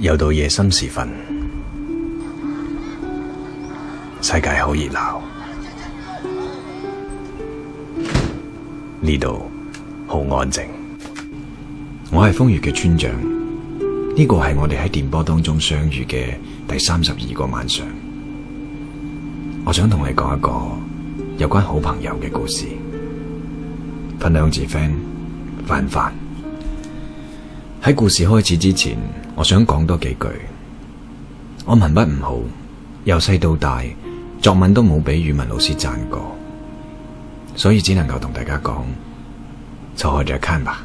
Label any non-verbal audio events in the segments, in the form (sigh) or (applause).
又到夜深時分，世界好熱鬧，呢度好安靜。我係瘋粵嘅村長，呢個係我哋喺電波當中相遇嘅第三十二個晚上。我想同你講一個有關好朋友嘅故事，分享自 FAN，飯飯。喺故事開始之前，我想講多幾句。我文筆唔好，由細到大，作文都冇俾語文老師讚過，所以只能夠同大家講就開咗一間吧。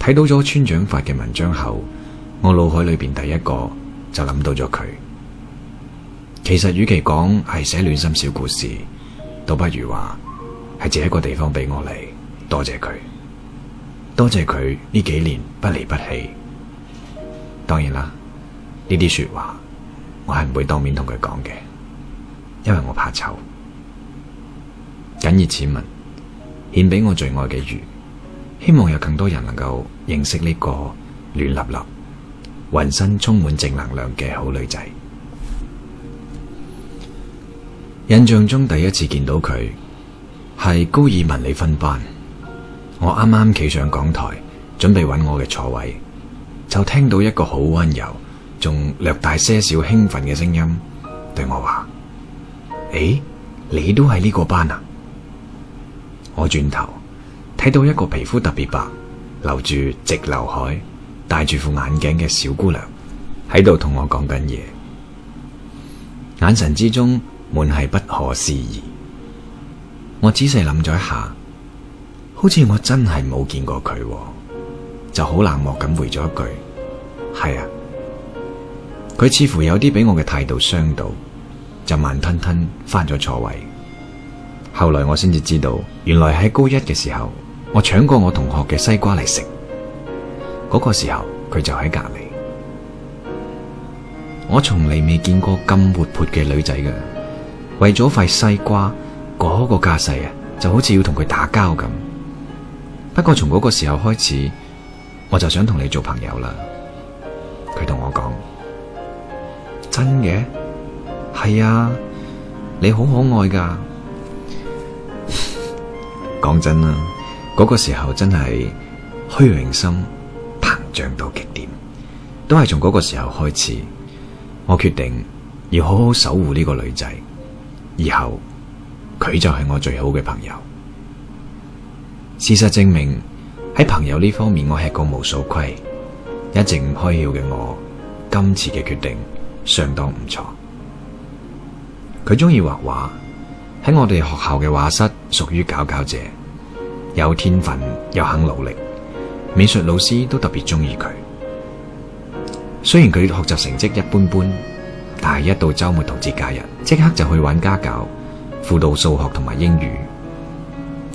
睇到咗村長發嘅文章後，我腦海裏邊第一個就諗到咗佢。其實與其講係寫暖心小故事，倒不如話係借一個地方俾我嚟，多謝佢，多謝佢呢幾年不離不棄。當然啦，呢啲說話我係唔會當面同佢講嘅，因為我怕醜。謹以此文獻俾我最愛嘅魚，希望有更多人能夠認識呢個暖笠笠、渾身充滿正能量嘅好女仔。印象中第一次見到佢係高二文理分班，我啱啱企上講台，準備揾我嘅座位，就聽到一個好溫柔，仲略帶些少興奮嘅聲音，對我話：誒、欸，你都喺呢個班啊！我轉頭睇到一個皮膚特別白，留住直劉海，戴住副眼鏡嘅小姑娘喺度同我講緊嘢，眼神之中滿係不可思議。我仔細諗咗一下，好似我真係冇見過佢喎。就好冷漠咁回咗一句：係啊。佢似乎有啲俾我嘅態度傷到，就慢吞吞返咗座位。後來我先至知道，原來喺高一嘅時候，我搶過我同學嘅西瓜嚟食。嗰個時候佢就喺隔籬，我從嚟未見過咁活潑嘅女仔噶。為咗塊西瓜，嗰個架勢啊，就好似要同佢打交咁。不過從嗰個時候開始，我就想同你做朋友啦，佢同我講，真嘅，係啊，你好可愛噶，講 (laughs) 真啦，嗰、嗰個時候真係虛榮心膨脹到極點，都係從嗰個時候開始，我決定要好好守護呢個女仔，以後佢就係我最好嘅朋友。事實證明。喺朋友呢方面，我吃過無數虧，一直唔開竅嘅我，今次嘅決定相當唔錯。佢中意畫畫，喺我哋學校嘅畫室屬於佼佼者，有天分又肯努力，美術老師都特別中意佢。雖然佢學習成績一般般，但係一到周末同節假日，即刻就去揾家教輔導數學同埋英語。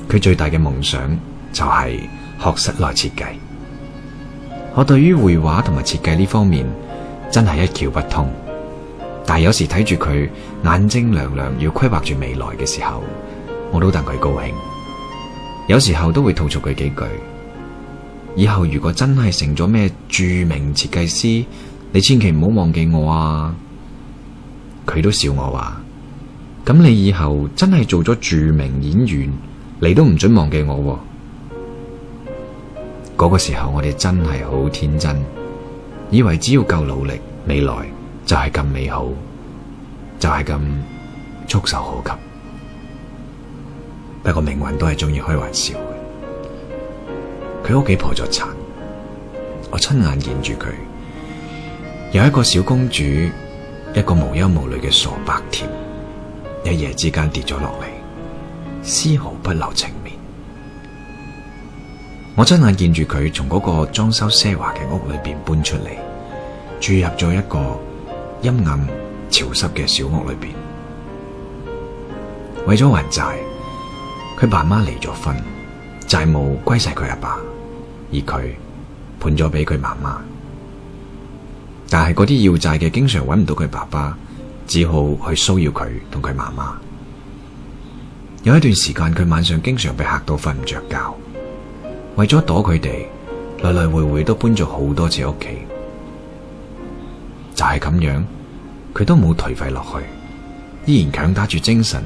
佢最大嘅夢想就係、是學室內設計，我對於繪畫同埋設計呢方面真係一竅不通。但係有時睇住佢眼睛亮亮，要規劃住未來嘅時候，我都戥佢高興。有時候都會吐槽佢幾句：以後如果真係成咗咩著名設計師，你千祈唔好忘記我啊！佢都笑我話：咁你以後真係做咗著名演員，你都唔准忘記我啊。嗰個時候我哋真係好天真，以為只要夠努力，未來就係咁美好，就係咁觸手可及。不過命運都係中意開玩笑。佢屋企破咗產，我親眼見住佢，有一個小公主，一個無憂無慮嘅傻白甜，一夜之間跌咗落嚟，絲毫不留情。我親眼見住佢從嗰個裝修奢華嘅屋裏邊搬出嚟，住入咗一個陰暗潮濕嘅小屋裏邊。為咗還債，佢爸媽離咗婚，債務歸晒佢阿爸，而佢判咗俾佢媽媽。但係嗰啲要債嘅經常搵唔到佢爸爸，只好去騷擾佢同佢媽媽。有一段時間，佢晚上經常被嚇到瞓唔着覺。為咗躲佢哋，來來回回都搬咗好多次屋企，就係咁樣，佢都冇頹廢落去，依然強打住精神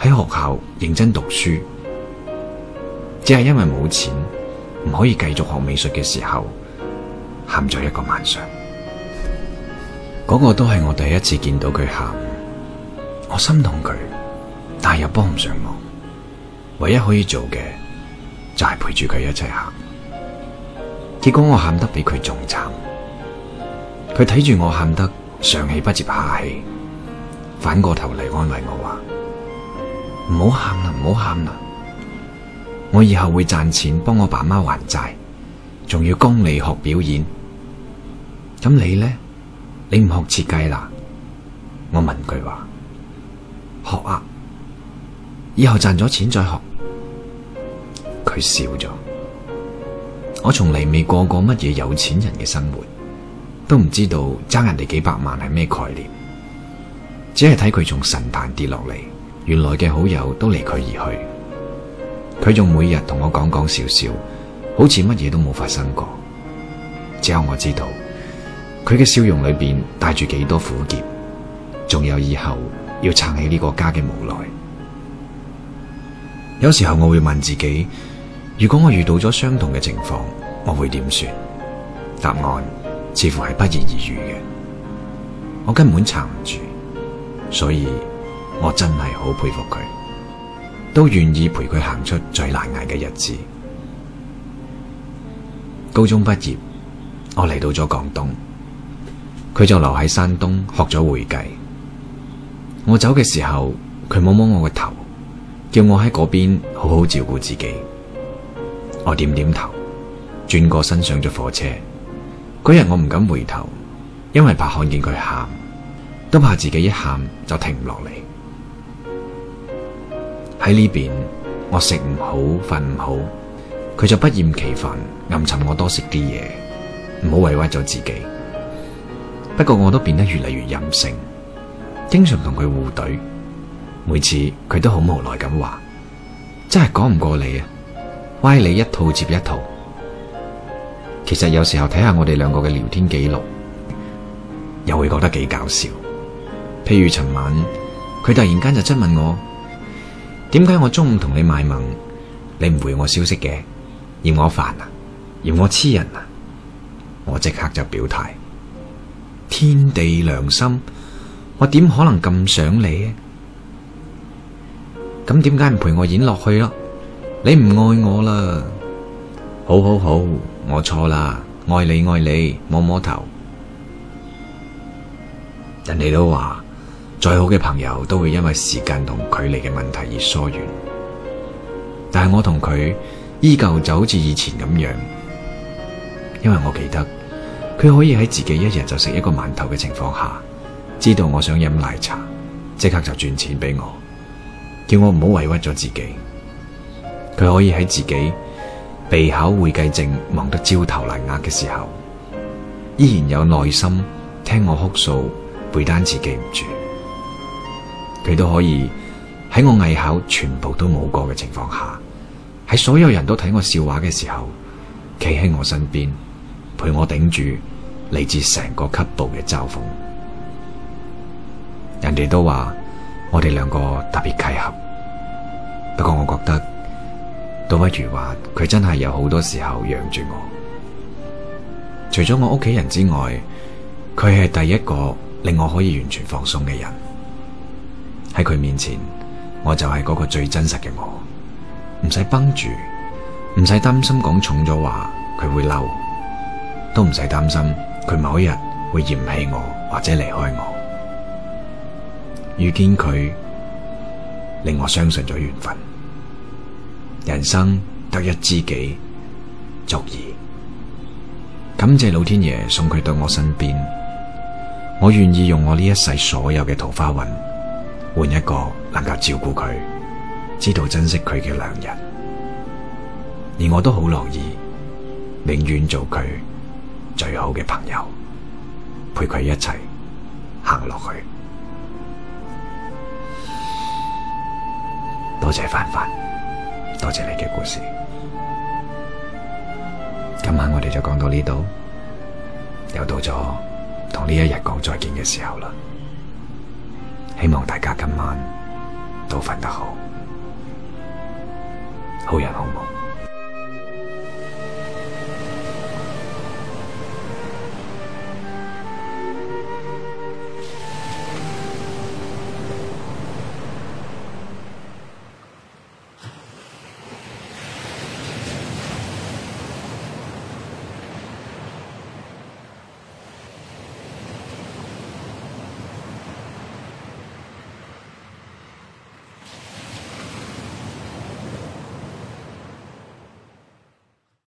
喺學校認真讀書。只係因為冇錢，唔可以繼續學美術嘅時候，喊咗一個晚上。嗰個都係我第一次見到佢喊，我心痛佢，但係又幫唔上忙，唯一可以做嘅就係陪住佢一齊行，結果我喊得比佢仲慘，佢睇住我喊得上氣不接下氣，反過頭嚟安慰我話：唔好喊啦，唔好喊啦，我以後會賺錢幫我爸媽還債，仲要供你學表演。咁你呢？你唔學設計啦？我問佢話：學啊，以後賺咗錢再學。佢笑咗，我從嚟未過過乜嘢有錢人嘅生活，都唔知道爭人哋幾百萬係咩概念。只係睇佢從神壇跌落嚟，原來嘅好友都離佢而去。佢仲每日同我講講笑笑，好似乜嘢都冇發生過。只有我知道，佢嘅笑容裏邊帶住幾多苦澀，仲有以後要撐起呢個家嘅無奈。有時候我會問自己，如果我遇到咗相同嘅情況，我會點算？答案似乎係不言而喻嘅，我根本撐唔住，所以我真係好佩服佢，都願意陪佢行出最難挨嘅日子。高中畢業，我嚟到咗廣東，佢就留喺山東學咗會計。我走嘅時候，佢摸摸我嘅頭，叫我喺嗰邊好好照顧自己。我點點頭，轉過身上咗火車。嗰日我唔敢回頭，因為怕看見佢喊，都怕自己一喊就停唔落嚟。喺呢邊我食唔好，瞓唔好，佢就不厭其煩暗沉我多食啲嘢，唔好委屈咗自己。不過我都變得越嚟越任性，經常同佢互懟。每次佢都好無奈咁話，真係講唔過你啊！歪理一套接一套，其實有時候睇下我哋兩個嘅聊天記錄，又會覺得幾搞笑。譬如尋晚佢突然間就質問我，點解我中午同你賣萌，你唔回我消息嘅，嫌我煩啊，嫌我黐人啊？我即刻就表態，天地良心，我點可能咁想你啊？咁點解唔陪我演落去咯？你唔愛我啦，好好好，我錯啦，愛你愛你，摸摸頭。人哋都話，再好嘅朋友都會因為時間同距離嘅問題而疏遠，但係我同佢依舊就好似以前咁樣，因為我記得佢可以喺自己一日就食一個饅頭嘅情況下，知道我想飲奶茶，即刻就轉錢俾我，叫我唔好委屈咗自己。佢可以喺自己備考會計證忙得焦頭爛額嘅時候，依然有耐心聽我哭訴背單詞記唔住。佢都可以喺我藝考全部都冇過嘅情況下，喺所有人都睇我笑話嘅時候，企喺我身邊陪我頂住嚟自成個級部嘅嘲諷。人哋都話我哋兩個特別契合，不過我覺得，倒不如話：佢真係有好多時候讓住我，除咗我屋企人之外，佢係第一個令我可以完全放鬆嘅人。喺佢面前，我就係嗰個最真實嘅我，唔使繃住，唔使擔心講重咗話佢會嬲，都唔使擔心佢某一日會嫌棄我或者離開我。遇見佢，令我相信咗緣分。人生得一知己足矣，感謝老天爺送佢到我身邊，我願意用我呢一世所有嘅桃花運換一個能夠照顧佢、知道珍惜佢嘅良人，而我都好樂意，寧願做佢最好嘅朋友，陪佢一齊行落去。多謝飯飯。多謝你嘅故事，今晚我哋就講到呢度，又到咗同呢一日講再見嘅時候啦。希望大家今晚都瞓得好，好人好夢。